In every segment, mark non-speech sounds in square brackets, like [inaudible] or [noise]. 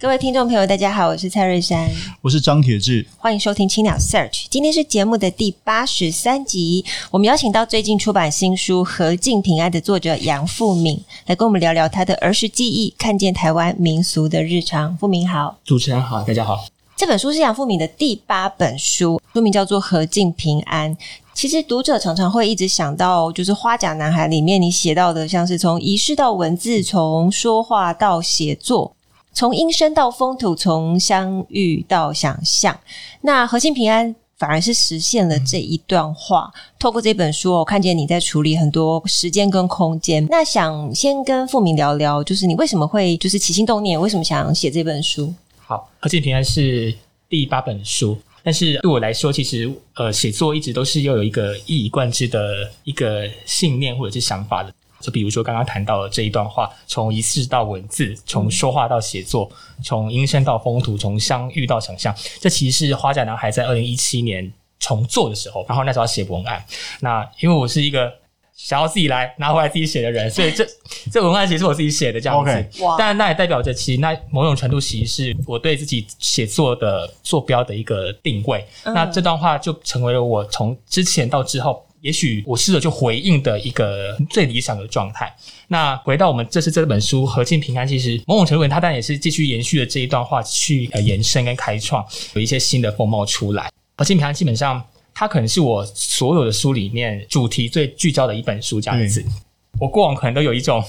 各位聽眾朋友，大家好，我是蔡瑞珊，我是張鐵志，歡迎收聽青鳥 Search。今天是節目的第八十三集，我們邀請到最近出版新書《合境平安》的作者楊富閔來跟我們聊聊他的兒時記憶，看見台灣民俗的日常。富閔好，主持人好，大家好。這本書是楊富閔的第八本書，書名叫做《合境平安》。其實讀者常常會一直想到，就是《花甲男孩》裡面你寫到的，像是從儀式到文字，從說話到寫作。從音聲到風土，從鄉域到想像，那合境平安反而是實現了這一段話。透過這本書，我看見你在處理很多時間跟空間。那想先跟富閔聊聊，就是你為什麼會就是起心動念，為什麼想寫這本書？好，合境平安是第八本書，但是對我來說，其實呃，寫作一直都是要有一個一以貫之的一個信念或者是想法的。就比如說剛剛談到的這一段話，從儀式到文字，從說話到寫作，從音聲到風土，從鄉域到想象，這其實是花甲男孩在二零一七年重做的時候，然後那時候要寫文案。那因為我是一個想要自己來拿回來自己寫的人，所以這這文案其實是我自己寫的這樣子。哇，Okay. Wow. 但那也代表着，其實那某種程度，其實是我對自己寫作的坐標的一個定位。那這段話就成為了我從之前到之後。也許我試着去回應的一個最理想的狀態。那回到我們這次這本書《合境平安》，其實某種程度它當然也是繼續延續了這一段話去延伸跟開創，有一些新的風貌出來。《合境平安》基本上它可能是我所有的書裡面主題最聚焦的一本書，這樣子、嗯。我過往可能都有一種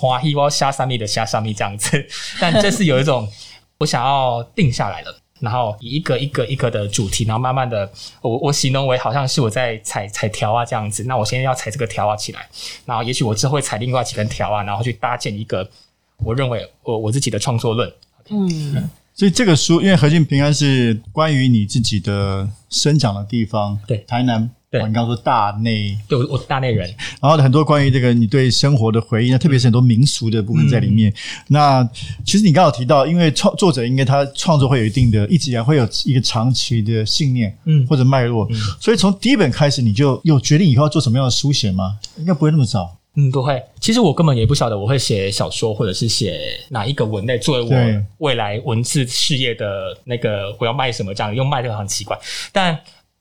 華西沃蝦三米的蝦三米這樣子，但這次有一種 [laughs] 我想要定下來了。然後以一個一個一個的主題，然後慢慢的，我我形容為好像是我在踩踩條啊這樣子。那我現在要踩這個條啊起來，然後也許我之後會踩另外幾根條啊，然後去搭建一個我認為我我自己的創作論。嗯，嗯，所以這個書，因為《合境平安》是關於你自己的生長的地方，對，台南。你剛說大內，對我是大內人，然後很多關於這個你對生活的回憶，那特別是很多民俗的部分在裡面。嗯、那其實你剛好提到，因為創作者應該他創作會有一定的一直以來會有一個長期的信念，嗯，或者脈絡。所以從第一本開始，你就有決定以後要做什麼樣的書寫嗎？應該不會那麼早，嗯，不會。其實我根本也不曉得我會寫小說，或者是寫哪一個文類作為我未來文字事業的那個我要賣什麼這樣，用賣這個很奇怪，但。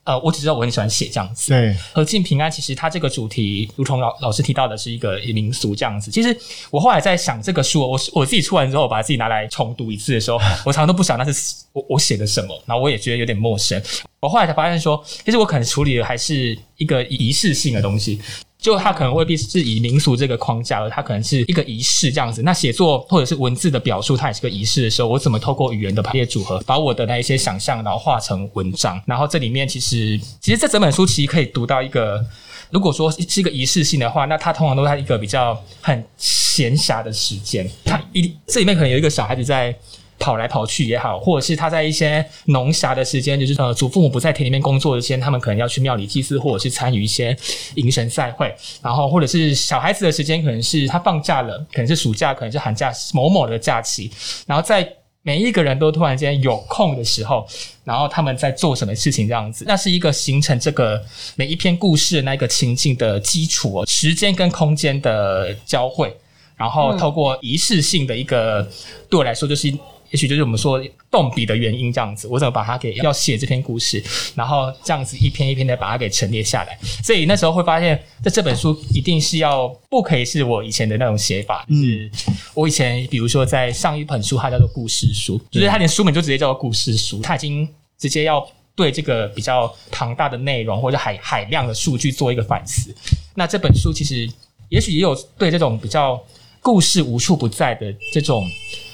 呃，我只知道我很喜歡寫這樣子。對，合境平安其實它這個主題，如同老老師提到的，是一個民俗這樣子。其實我後來在想這個書，我我自己出完之後，我把自己拿來重讀一次的時候，我常常都不想那是我我寫的什麼，然後我也覺得有點陌生。我後來才發現說，其實我可能處理的還是一個儀式性的東西。就他可能未必是以民俗這個框架了，而他可能是一個儀式這樣子。那寫作或者是文字的表述，它也是個儀式的時候，我怎麼透過語言的排列組合，把我的那一些想象，然後化成文章。然後這裡面其實，其實這整本書其實可以讀到一個，如果說是一個儀式性的話，那它通常都在一個比較很閒暇的時間。它一這裡面可能有一個小孩子在。跑來跑去也好，或者是他在一些農暇的時間，就是呃，祖父母不在田裡面工作的時間，他們可能要去廟裡祭祀，或者是參與一些迎神賽會。然後，或者是小孩子的時間，可能是他放假了，可能是暑假，可能是寒假，某某的假期。然後，在每一個人都突然間有空的時候，然後他們在做什麼事情，這樣子，那是一個形成這個每一篇故事的那個情境的基礎喔，時間跟空間的交匯，然後透過儀式性的一個、嗯，對我來說就是。也許就是我們說動筆的原因，這樣子，我怎麼把它給要寫這篇故事，然後這樣子一篇一篇的把它給陳列下來。所以那時候會發現，在這本書一定是要不可以是我以前的那種寫法，嗯、就是，我以前比如說在上一本書，它叫做故事書，就是它連書名就直接叫做故事書，它已經直接要對這個比較龐大的內容或者海海量的數據做一個反思。那這本書其實也許也有對這種比較故事無處不在的這種。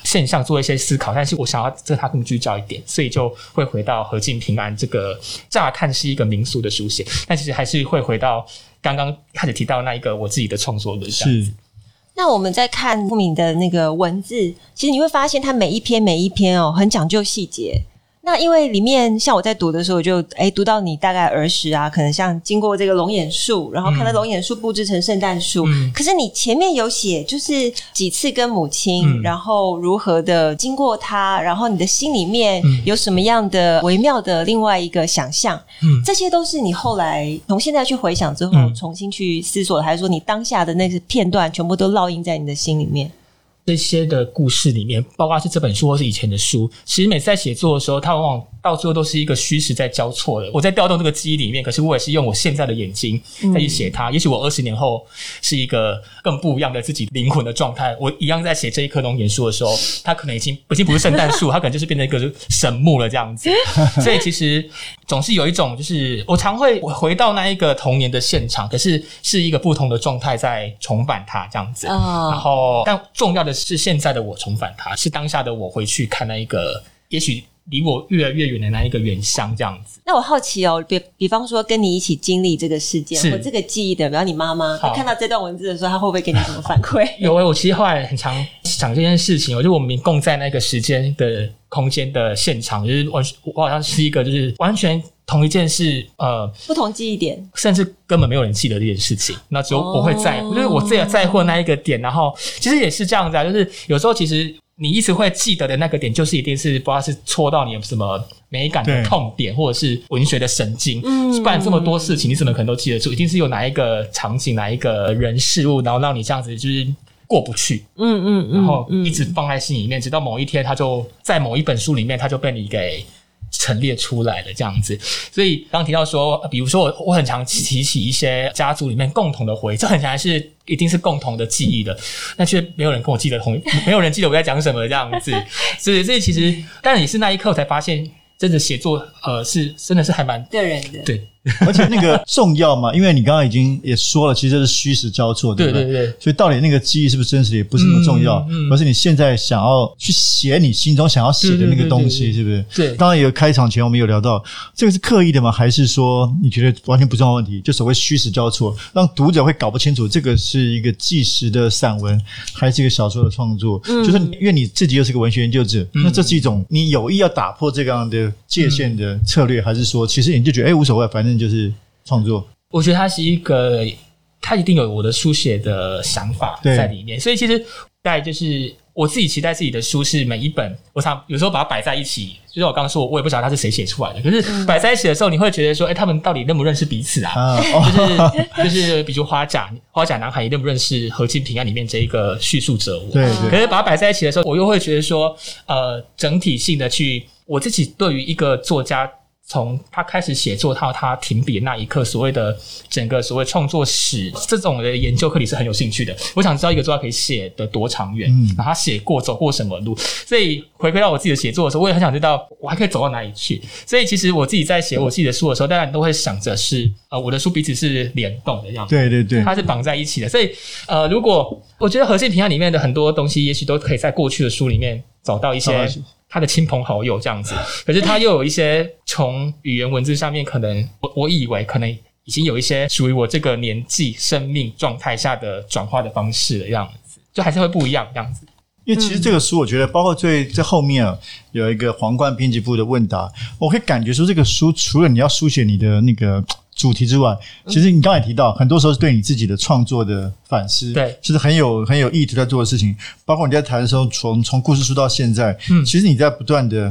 現象做一些思考，但是我想要這它更聚焦一點，所以就會回到合境平安這個。乍看是一個民俗的書寫，但其實還是會回到剛剛開始提到那一個我自己的創作的這樣子。是。那我們在看富閔的那個文字，其實你會發現他每一篇每一篇哦，很講究細節。那因為裡面像我在讀的時候，就誒，誒讀到你大概兒時啊，可能像經過這個龍眼樹，然後看到龍眼樹佈置成聖誕樹。嗯。可是你前面有寫，就是幾次跟母親，嗯，然後如何的經過她，然後你的心裡面有什麼樣的微妙的另外一個想象，嗯，這些都是你後來從現在去回想之後，重新去思索的，還是說你當下的那些片段全部都烙印在你的心裡面？這些的故事裡面，包括是這本書或是以前的書，其實每次在寫作的時候，它往往到最後都是一個虛實在交錯的。我在調動這個記憶裡面，可是我也是用我現在的眼睛再去寫它。嗯、也許我二十年後是一個更不一樣的自己，靈魂的狀態。我一樣在寫這一棵龍眼樹的時候，它可能已經已經不是聖誕樹， [laughs] 它可能就是變成一個神木了這樣子。 [laughs] 所以其實總是有一種，就是我常會回到那一個童年的現場，可是是一個不同的狀態在重返它這樣子、哦。然後，但重要的是。是現在的我重返他，是當下的我回去看那一個，也許離我越來越遠的那一個原鄉這樣子。那我好奇哦，比比方說跟你一起經歷這個事件，我這個記憶的，比方你媽媽她看到這段文字的時候，她會不會給你什麼反饋？有啊，我其實後來很常想這件事情， [laughs] 我就我們共在那個時間的空間的現場，就是我我好像是一個就是完全。同一件事，呃，不同記憶點，甚至根本沒有人記得這件事情。那只有我會在，哦、就是我自己在乎的那一個點。然後其實也是這樣子啊，就是有時候其實你一直會記得的那個點，就是一定是不知道是戳到你有什麼美感的痛點，或者是文學的神經。嗯，不然這麼多事情，你怎麼可能都記得住？一定是有哪一個場景、哪一個人事物，然後讓你這樣子就是過不去。嗯嗯，然後一直放在心裡面，直到某一天，他就在某一本書裡面，他就被你給。陳列出來的這樣子，所以剛提到說，比如說我我很常提起一些家族裡面共同的回憶，這很顯然是一定是共同的記憶的，嗯、但卻沒有人跟我記得同，沒有人記得我在講什麼這樣子，所以所以其實，但也是那一刻才發現，真的寫作呃是真的是還蠻個人的對。 [laughs] 而且那個重要嘛，因為你剛剛已經也說了，其實這是虛實交錯，對不對？對、對？所以到底那個記憶是不是真實，也不是那麼重要，嗯嗯。而是你現在想要去寫你心中想要寫的那個東西，對對對對對是不是？對。當然，有開場前我們有聊到，這個是刻意的嗎？還是說你覺得完全不重要問題？就所謂虛實交錯，讓讀者會搞不清楚這個是一個紀實的散文，還是一個小說的創作？嗯。就是因為你自己又是個文學研究者，嗯，那這是一種你有意要打破這樣的界限的策略，嗯，還是說其實你就覺得哎無所謂，反正。就是創作，我覺得他是一個，他一定有我的書寫的想法在裡面。所以其實在，就是我自己，期待自己的書是每一本，我常有時候把它擺在一起。就是我剛剛說，我也不知道它是誰寫出來的，可是擺在一起的時候，你會覺得說，哎，他們到底認不認識彼此啊？就是就是，比如花甲，花甲男孩認不認識《合境平安》裡面這一個敘述者？對對。可是把它擺在一起的時候，我又會覺得說，呃，整體性的去我自己對於一個作家。從他開始寫作到他停筆的那一刻，所謂的整個所謂創作史，這種的研究課題是很有興趣的。我想知道一個作家可以寫得多長遠、嗯，然後他寫過走過什麼路。所以回歸到我自己的寫作的時候，我也很想知道我還可以走到哪裡去。所以其實我自己在寫我自己的書的時候，大家都會想着是呃我的書彼此是聯動的樣子，這樣對對對，它是綁在一起的。所以呃，如果我覺得合境平安裡面的很多東西，也許都可以在過去的書裡面找到一些。他的親朋好友這樣子，可是他又有一些從語言文字上面，可能我我以為可能已經有一些屬於我這個年紀生命狀態下的轉化的方式這樣子，就還是會不一樣這樣子。因為其實這個書，我覺得包括最最後面有一個皇冠編輯部的問答，我可以感覺說這個書除了你要書寫你的那個。主題之外，其實你剛才提到，嗯，很多時候是對你自己的創作的反思，對，其實很有很有意圖在做的事情。包括你在談的時候從，從從故事書到現在，嗯，其實你在不斷的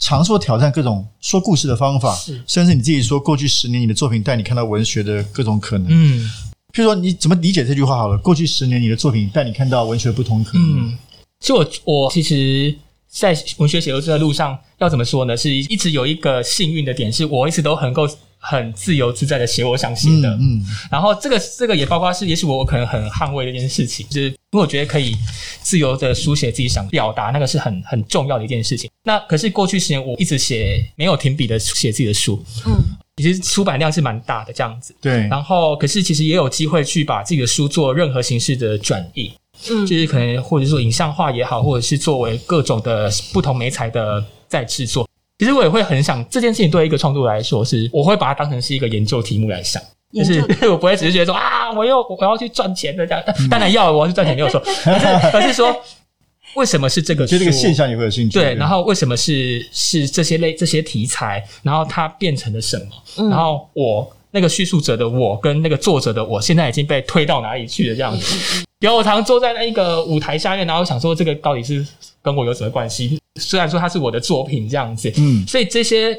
嘗試挑戰各種說故事的方法，甚至你自己說，過去十年你的作品帶你看到文學的各種可能，嗯，譬如說你怎麼理解這句話？好了，過去十年你的作品帶你看到文學的不同可能。嗯，其實我我其實在文學寫作的路上要怎麼說呢？是一直有一個幸運的點，是我一直都很夠。很自由自在的寫我想寫的，嗯，嗯，然後這個這個也包括是，也許我我可能很捍衛的一件事情，就是我覺得可以自由的書寫自己想表達，那個是很很重要的一件事情。那可是過去十年我一直寫沒有停筆的寫自己的書，嗯，其實出版量是蠻大的這樣子，對。然後可是其實也有機會去把自己的書做任何形式的轉譯，嗯，就是可能或者說影像化也好，或者是作為各種的不同媒材的再制作。其實我也會很想這件事情，對一個創作者來說是，是我會把它當成是一個研究題目來想，就是、嗯、 [laughs] 我不會只是覺得說啊，我要我要去賺錢的這樣、嗯。當然要我要去賺錢，沒有說，而、嗯、是，是說 [laughs] 為什麼是這個？就這個現象也會有興趣？對，然後為什麼是是這些類這些題材？然後它變成了什麼？然後我、嗯、那個敘述者的我跟那個作者的我現在已經被推到哪裡去了這樣子？有、嗯、我常坐在那一個舞台下面，然後想說這個到底是。跟我有什麼關係？雖然說它是我的作品這樣子，嗯，所以這些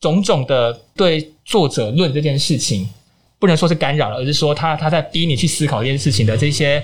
種種的對作者論這件事情，不能說是干擾了，而是說他他在逼你去思考這件事情的這些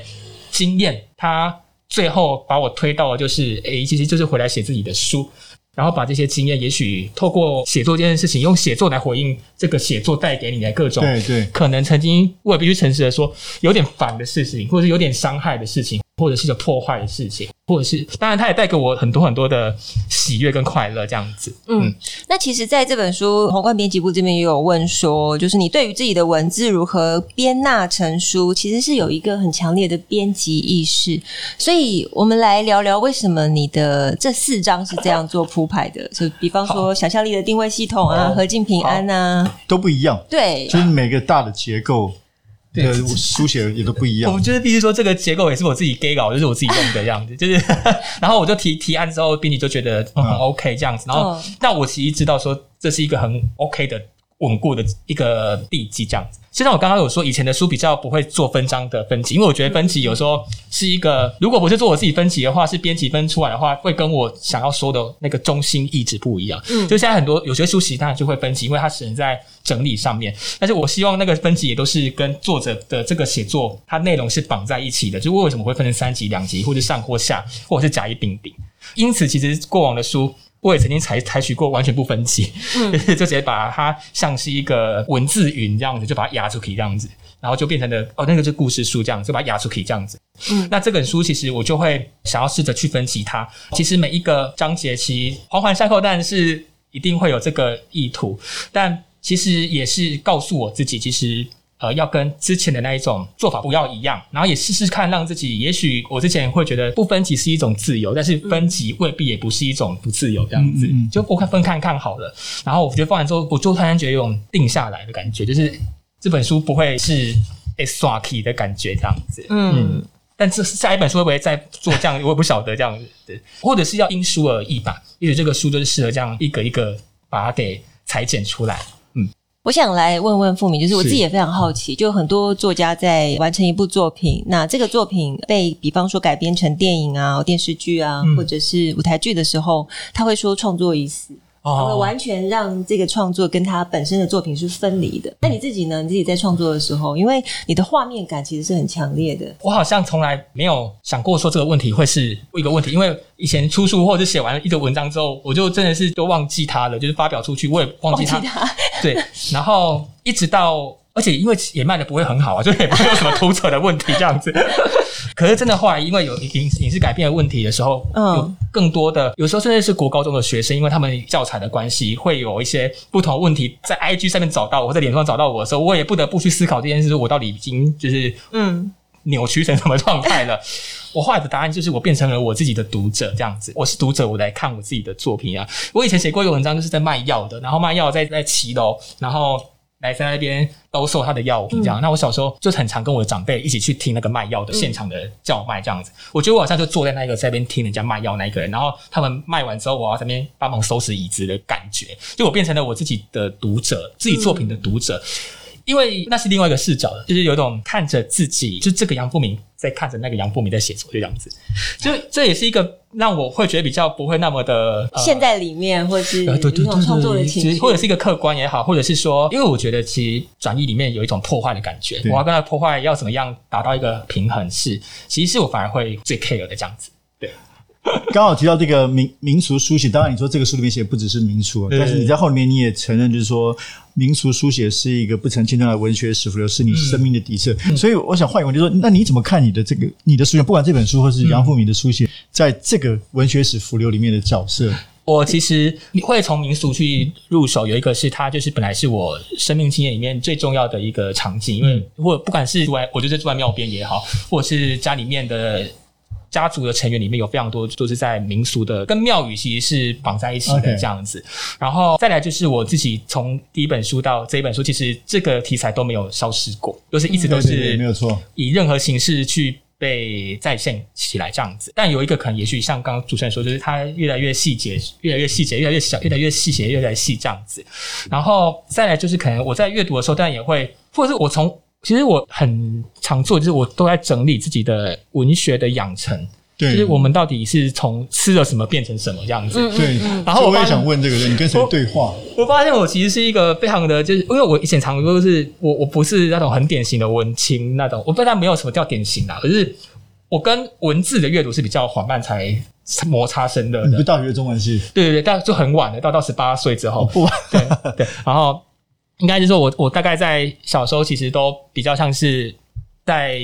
經驗，他最後把我推到的就是，哎、欸，其實就是回來寫自己的書，然後把這些經驗，也許透過寫作這件事情，用寫作來回應這個寫作帶給你的各種，對對，可能曾經我也必須誠實的說，有點煩的事情，或者是有點傷害的事情。或者是個破壞的事情，或者是當然，它也帶給我很多很多的喜悅跟快樂，這樣子。嗯，嗯，那其實，在這本書皇冠編輯部這邊也有問說，就是你對於自己的文字如何編納成書，其實是有一個很強烈的編輯意識。所以我們來聊聊，為什麼你的這四章是這樣做鋪排的？ [laughs] 就比方說，想象力的定位系統啊，合境平安吶、啊，都不一樣。對，就是每個大的結構。對，對，書寫也都不一樣。我們，就是，譬如說，這個結構也是我自己給稿，就是我自己用的這樣子。啊、就是， [laughs] 然後我就提提案之後，編輯就覺得很 OK 這樣子，啊然嗯。然後，那我其實知道說，這是一個很 OK 的。穩固的一個地基這樣子。就像，我剛剛有說，以前的書比較不會做分章的分級，因為我覺得分級有時候是一個，如果不是做我自己分級的話，是編輯分出來的話，會跟我想要說的那個中心意志不一樣。嗯，就現在很多有些書籍它當然就會分級，因為它只能在整理上面。但是我希望那個分級也都是跟作者的這個寫作，它內容是綁在一起的，就為什麼會分成三級、兩級，或者上或下，或者是甲乙丙丁。因此，其實過往的書。我也曾經採採取過完全不分析，嗯、 [laughs] 就直接把它像是一個文字雲這樣子，就把它壓出去這樣子，然後就變成了哦，那個是故事書這樣子，就把它壓出去這樣子、嗯。那這本書其實我就會想要試着去分析它，其實每一個章節其實環環相扣，但是一定會有這個意圖，但其實也是告訴我自己，其實。呃，要跟之前的那一種做法不要一樣，然後也試試看讓自己，也許我之前會覺得不分級是一種自由，但是分級未必也不是一種不自由這樣子，嗯嗯嗯、就分分看看好了。然後我覺得放完之後，我就突然覺得有種定下來的感覺，就是這本書不會是哎刷題的感覺這樣子嗯。嗯，但這下一本書會不會再做這樣，我也不曉得這樣子對，或者是要因書而異吧。也許這個書就是適合這樣一格一格把它給裁剪出來。我想來問問富閔，就是我自己也非常好奇，就很多作家在完成一部作品，那這個作品被比方說改編成電影啊、電視劇啊，嗯、或者是舞台劇的時候，他會說創作已死。會、哦、完全讓這個創作跟他本身的作品是分離的、嗯。那你自己呢？你自己在創作的時候，因為你的畫面感其實是很強烈的。我好像從來沒有想過說這個問題會是一個問題，因為以前出書或者寫完一個文章之後，我就真的是都忘記他了，就是發表出去我也忘記它，忘記他。對，然後一直到， [laughs] 而且因為也賣得不會很好啊，就也不是有什麼出醜的問題這樣子。 [laughs] 可是真的，後來因為有影影視改編的問題的時候，嗯，有更多的，有時候甚至是國高中的學生，因為他們教材的關係，會有一些不同的問題在 I G 上面找到我，或者臉書上找到我的時候，我也不得不去思考這件事，我到底已經就是嗯扭曲成什麼狀態了。嗯、我後來的答案就是，我變成了我自己的讀者，這樣子。我是讀者，我來看我自己的作品啊。我以前寫過一個文章，就是在賣藥的，然後賣藥在在騎樓，然後。來在那邊兜售他的藥品，這樣、嗯。那我小時候就很常跟我的長輩一起去聽那個賣藥的現場的叫賣，這樣子、嗯。我覺得我好像就坐在那一個在那邊聽人家賣藥那一個人，然後他們賣完之後，我要在那邊幫忙收拾椅子的感覺，就我變成了我自己的讀者，自己作品的讀者。嗯因為那是另外一個視角的，就是有一種看着自己，就這個楊富閔，閔在看着那個楊富閔在寫作的樣子，就這也是一個讓我會覺得比較不會那麼的陷、呃、在裡面，或者是有有對，對，對，對對，創作的情緒或者是一個客觀也好，或者是說，因為我覺得其實轉譯裡面有一種破壞的感覺，我要跟他破壞要怎麼樣達到一個平衡，是其實是我反而會最 care 的這樣子，對。剛好提到這個民民俗書寫，當然你說這個書裡面寫不只是民俗，對對對，但是你在後面你也承認，就是說民俗書寫是一個不曾輕重的文學史伏流，是你生命的底色。嗯、所以我想換一個問，就說那你怎麼看你的這個你的書寫，不管這本書或是楊富閔的書寫，在這個文學史伏流裡面的角色？我其實會從民俗去入手，有一個是它就是本來是我生命經驗裡面最重要的一個場景，因為、嗯、不管是住在我就在住在廟邊也好，或者是家裡面的。家族的成員裡面有非常多都是在民俗的，跟廟宇其實是綁在一起的這樣子。Okay. 然後再來就是我自己從第一本書到這一本書，其實這個題材都沒有消失過，都、就是一直都是對對對，沒有錯，以任何形式去被再現起來這樣子。但有一個可能，也許像剛剛主持人說，就是它越來越細節，越來越細節，越來越小，越來越細節，越來越細這樣子。然後再來就是可能我在閱讀的時候，當然也會，或者是我從。其實我很常做，就是我都在整理自己的文學的養成。對，就是我們到底是從吃了什麼變成什麼這樣子。對。然後我，我也想問這個人，你跟誰對話？我，我發現我其實是一個非常的，就是因為我以前常說是我我不是那種很典型的文青那種，我不知道沒有什麼叫典型的，可是我跟文字的閱讀是比較緩慢才摩擦生的。你不大學中文系？對對對，但就很晚了，到到十八歲之後。不晚。對對，然後。應該就是說我，我我大概在小時候其實都比較像是在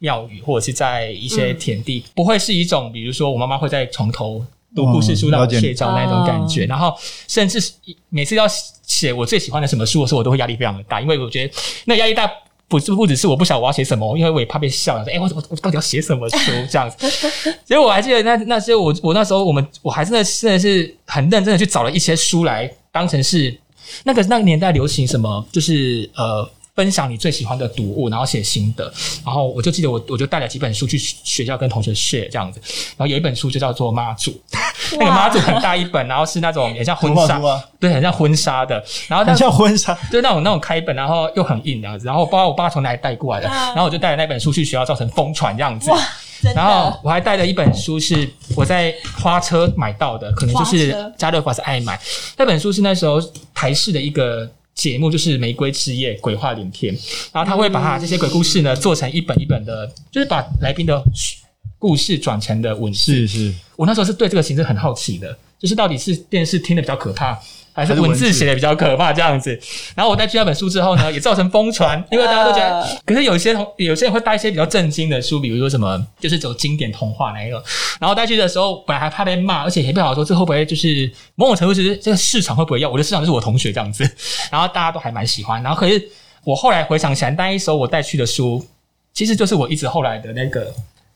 廟宇或者是在一些田地，嗯，不會是一種比如說我媽媽會在床頭讀故事書那樣睡著，那種感覺。哦，然後甚至每次要寫我最喜歡的什麼書的時候，我都會壓力非常的大，因為我覺得那壓力大不不不只是我不曉得我要寫什麼，因為我也怕被笑。說，哎，欸，我我，我到底要寫什麼書這樣子？ [laughs] 所以我還記得那那時候我我那時候我們我還真的真的是很認真的去找了一些書來當成是。那個那個年代流行什麼？就是呃，分享你最喜歡的讀物，然後寫心得。然後我就記得我我就帶了幾本書去學校跟同學 share 這樣子。然後有一本書就叫做《媽祖》， [laughs] 那個媽祖很大一本，然後是那種很像婚紗，對，很像婚紗的，然後、那個、很像婚紗，就那種那種開本，然後又很硬的。然後我不知道我爸從哪裡帶過來的、啊，然後我就帶着那本書去學校，造成瘋傳這樣子。然後我還帶了一本書，是我在花車買到的，可能就是家樂福是愛買。那本書是那時候台視的一個節目，就是《玫瑰之夜》鬼話連篇，然後他會把他這些鬼故事呢、嗯、做成一本一本的，就是把來賓的故事轉成的文字。是，是，我那時候是對這個形式很好奇的，就是到底是電視聽的比較可怕，還是文字寫的比較可怕這樣子。然後我帶去那本書之後呢，也造成瘋傳，因為大家都覺得。可是有些同，有些人會帶一些比較震驚的書，比如說什麼，就是走經典童話那一個。然後帶去的時候，本來還怕被罵，而且也不好說，這會不會就是某種程度，其實這個市場會不會，要我的市場就是我同學這樣子。然後大家都還蠻喜歡。然後可是我後來回想起來，帶去時候我帶去的書，其實就是我一直後來的那個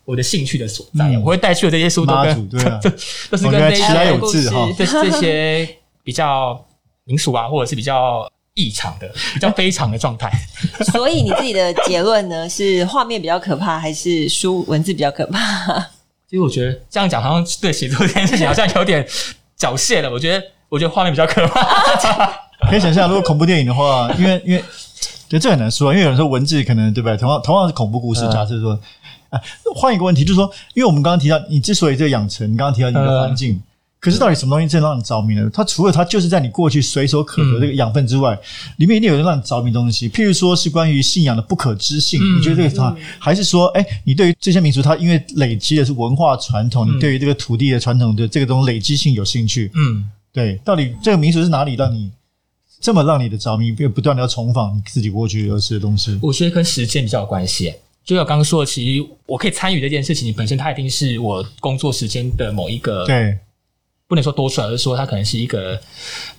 我的興趣的所在。我會帶去的這些書都跟、嗯，都、啊、 [laughs] 是跟這些故事哈，這些。比較民俗啊，或者是比較異常的，比較非常的狀態。 [laughs] 所以你自己的結論呢，是畫面比較可怕，還是書文字比較可怕？其實我覺得這樣講好像對寫作這件事情好像有點繳械了。我覺得，我覺得畫面比較可怕。 [laughs] 可以想象，如果恐怖電影的話，因為因為對這很難說，因為有人說文字可能對不對？同樣同樣是恐怖故事假設，假設說啊，換一個問題，就是說，因為我們剛剛提到，你之所以這個養成，你剛剛提到你的環境。嗯可是到底什麼東西真的讓你着迷呢？它除了它就是在你過去隨手可得這個養分之外，嗯，裡面一定有讓你着迷的東西。譬如說是關於信仰的不可知性，嗯，你覺得這個它還是說，誒、欸、你對於這些民俗，它因為累積的是文化傳統，嗯，你對於這個土地的傳統的這個東西累積性有興趣？嗯，對。到底這個民俗是哪裡讓你這麼讓你的着迷，並不斷的要重訪你自己過去而吃的東西？我覺得跟時間比較有關係。就像我剛剛說的，其實我可以參與這件事情，你本身它一定是我工作時間的某一個對。不能說多出來，而是說它可能是一個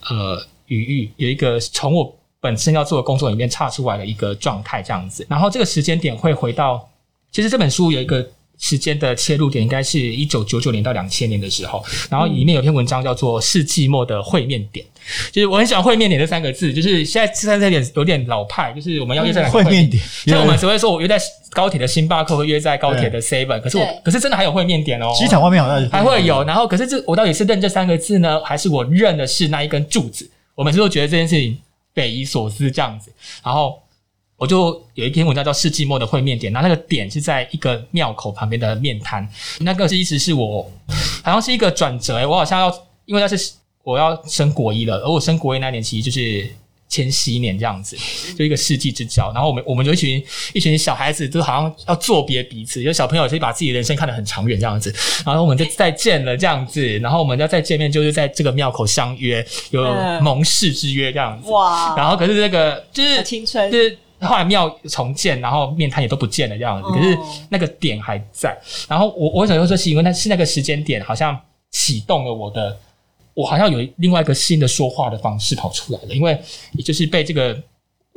呃餘裕，有一個從我本身要做的工作裡面岔出來的一個狀態這樣子。然後這個時間點會回到，其實這本書有一個。時間的切入點應該是一九九九年到兩千年的時候，然後裡面有一篇文章叫做《世紀末的會面點》，就是我很喜歡“會面點”這三個字，就是現在“世紀末點”有點老派，就是我們要約在會，會面點，像我們只會說我約在高鐵的星巴克或約在高鐵的 Seven，可是我可是真的還有會面點哦，機場外面好像還會有，然後可是這我到底是認這三個字呢，還是我認的是那一根柱子？我每次都覺得這件事情匪夷所思這樣子，然後。我就有一篇文章叫《世紀末的會面點》，然後那個點是在一個廟口旁邊的麵攤，那個是一直是我好像是一個轉折、欸、我好像要因為那是我要升國一了，而我升國一那一年其實就是千禧年這樣子，就一個世紀之交。然後我們我們就一群一群小孩子，就好像要作別彼此，有小朋友就把自己的人生看得很長遠這樣子。然後我們就再見了這樣子，然後我們要再見面，就是在這個廟口相約，有盟誓之約這樣子、嗯。哇！然後可是這、那個就是青春，就是。後來廟重建，然後麵攤也都不見了這樣子，可是那個點還在。然後我我為什麼會說，是因為那是那個時間點，好像啟動了我的，我好像有另外一個新的說話的方式跑出來了。因為也就是被這個，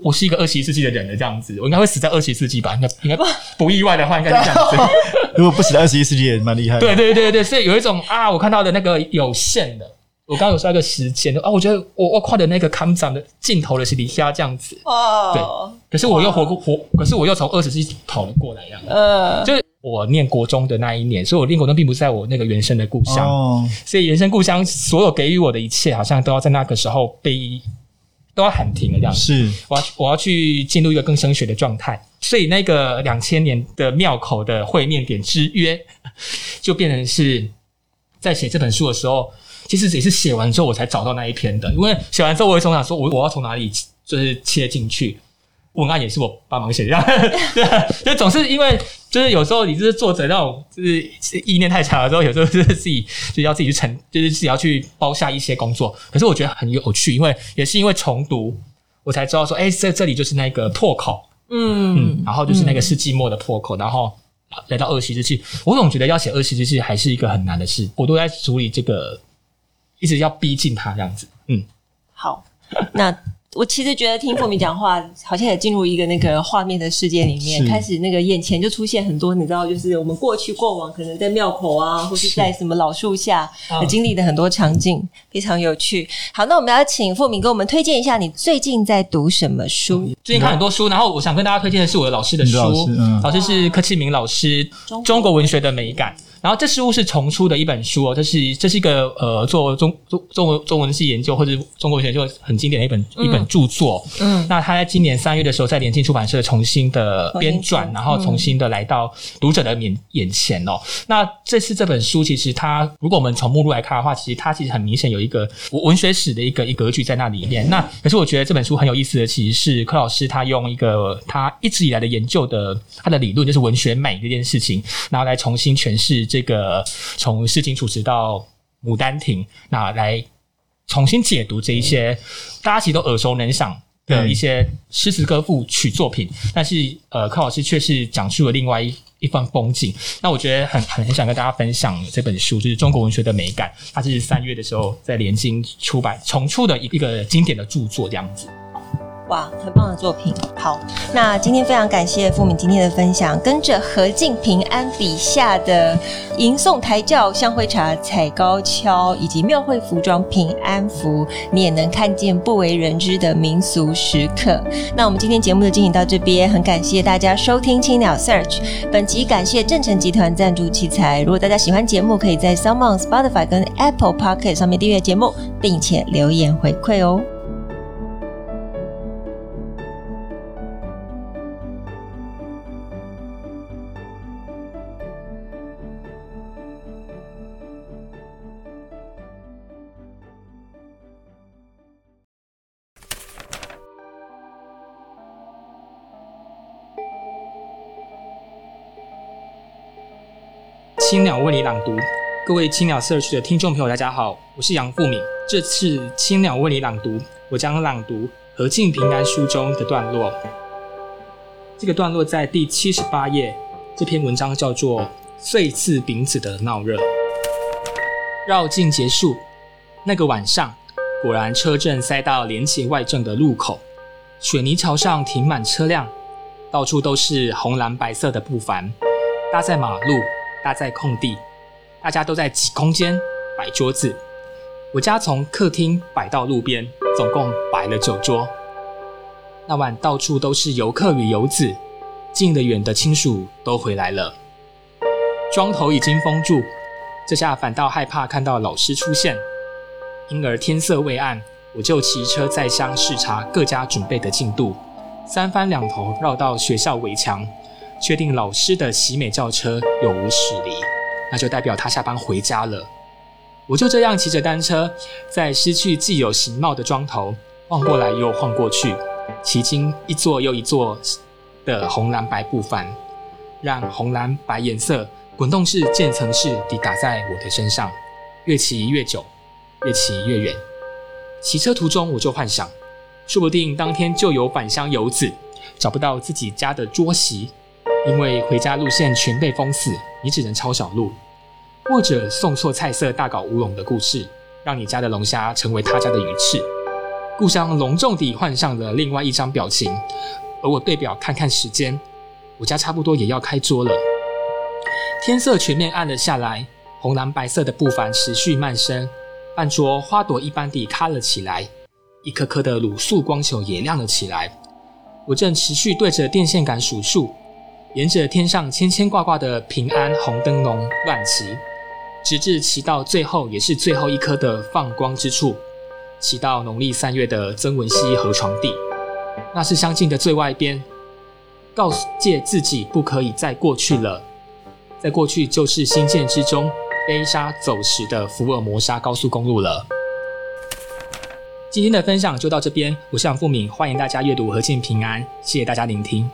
我是一個二十一世紀的人了這樣子，我應該會死在二十一世紀吧？應該應該不意外的話，應該是這樣子。 [laughs] 如果不死在二十一世紀也蠻厲害的。對對對對對，所以有一種啊，我看到的那個有限的。我剛，剛有說一個時間的啊，我覺得我我跨的那個康藏的盡頭的是離家這樣子啊，oh, 對。可是我又活過、oh. 活，可是我又從二十世紀跑了過來，這樣子。嗯、uh,，就是我念國中的那一年，所以我念國中並不是在我那個原生的故鄉，oh. 所以原生故鄉所有給予我的一切，好像都要在那個時候被都要喊停了這樣子。是，我要我要去進入一個更升學的狀態，所以那個兩千年的廟口的會面點之約，就變成是在寫這本書的時候。其實也是寫完之後我才找到那一篇的，因為寫完之後我也總想說我，我我要從哪裡就是切進去。文案也是我幫忙寫， [laughs] 對，就總是因為就是有時候你就是作者那種就是意念太強了之後，有時候就是自己就要自己去承，就是自己要去包下一些工作。可是我覺得很有趣，因為也是因為重讀，我才知道說，哎、欸，在這裡就是那個破口。嗯，嗯然後就是那個世紀末的破口，然後來到二十一世紀。我總覺得要寫二十一世紀還是一個很難的事，我都在處理這個。一直要逼近他這樣子，嗯，好，那我其實覺得聽富閔講話，好像也進入一個那個畫面的世界裡面，開始那個眼前就出現很多，你知道，就是我們過去過往可能在廟口啊，或是在什麼老樹下經歷的很多場景，啊，非常有趣。好，那我們要請富閔給我們推薦一下，你最近在讀什麼書，嗯？最近看很多書，然後我想跟大家推薦的是我的老師的書，嗯老，師嗯、老師是柯慶明老師《中國文學的美感》美感。然後這書是重出的一本書哦，這是這是一個呃做中中中文中文系研究或者是中國文學研究很經典的一本、嗯、一本著作。嗯，那他在今年三月的時候，在聯經出版社重新的編撰、嗯，然後重新的來到讀者的面眼、嗯、眼前哦。那這次這本書其實它如果我們從目錄來看的話，其實它其實很明顯有一個文學史的一個一格局在那裡面。那可是我覺得這本書很有意思的，其實是柯老師他用一個他一直以來的研究的他的理論，就是文學美這件事情，然後來重新詮釋。這個從《詩經》《楚辭》到《牡丹亭》，那來重新解讀這一些大家其實都耳熟能詳的一些詩詞歌賦曲作品，但是呃，柯老師卻是講述了另外一一番風景。那我覺得很很很想跟大家分享這本書，就是《中國文學的美感》，它是三月的時候在聯經出版重出的一一個經典的著作，這樣子。哇，很棒的作品！好，那今天非常感謝富閔今天的分享，跟着合境平安筆下的迎送台駕、香灰茶、踩高蹺以及廟會服裝、平安符，你也能看見不為人知的民俗時刻。那我們今天節目就進行到這邊，很感謝大家收聽青鳥 Search。本集感謝正成集團贊助器材。如果大家喜歡節目，可以在 SoundOn Spotify 跟 Apple Podcast 上面訂閱節目，並且留言回饋哦。青鳥為你朗讀，各位青鳥社區的聽眾朋友，大家好，我是楊富閔。這次青鳥為你朗讀，我將朗讀合境平安書中的段落。這個段落在第七十八頁，這篇文章叫做《歲次丙子的鬧熱》。繞境結束，那個晚上果然車陣塞到連捷外鎮的路口，水泥橋上停滿車輛，到處都是紅藍白色的布帆搭在馬路。搭在空地，大家都在擠空間擺桌子。我家從客廳擺到路邊，總共擺了九桌。那晚到處都是遊客與游子，近的遠的親屬都回來了。莊頭已經封住，這下反倒害怕看到老師出現。因而天色未暗，我就騎車在鄉視察各家準備的進度，三番兩頭繞到學校圍牆。確定老師的喜美轎車有無駛離，那就代表他下班回家了。我就這樣騎着單車，在失去既有形貌的莊頭晃過來又晃過去，騎經一座又一座的紅藍白布帆，讓紅藍白顏色滾動式漸層式地打在我的身上，越騎越久，越騎越遠。騎車途中，我就幻想，說不定當天就有返鄉游子找不到自己家的桌席。因為回家路線全被封死，你只能抄小路，或者送錯菜色、大搞烏龍的故事，讓你家的龍蝦成為他家的魚翅。故鄉隆重地換上了另外一張表情，而我對表看看時間，我家差不多也要開桌了。天色全面暗了下來，紅藍白色的布帆持續慢升，飯桌花朵一般地開了起來，一顆顆的鹵素光球也亮了起來。我正持續對着電線桿數數。沿着天上牽牽掛掛的平安紅燈籠亂騎，直至騎到最後也是最後一顆的放光之處，騎到農曆三月的曾文溪河床地，那是鄉境的最外邊，告誡自己不可以再過去了，在過去就是興建之中飛沙走石的福爾摩沙高速公路了。今天的分享就到這邊，我是楊富閔，歡迎大家閱讀《合境平安》，謝謝大家聆聽。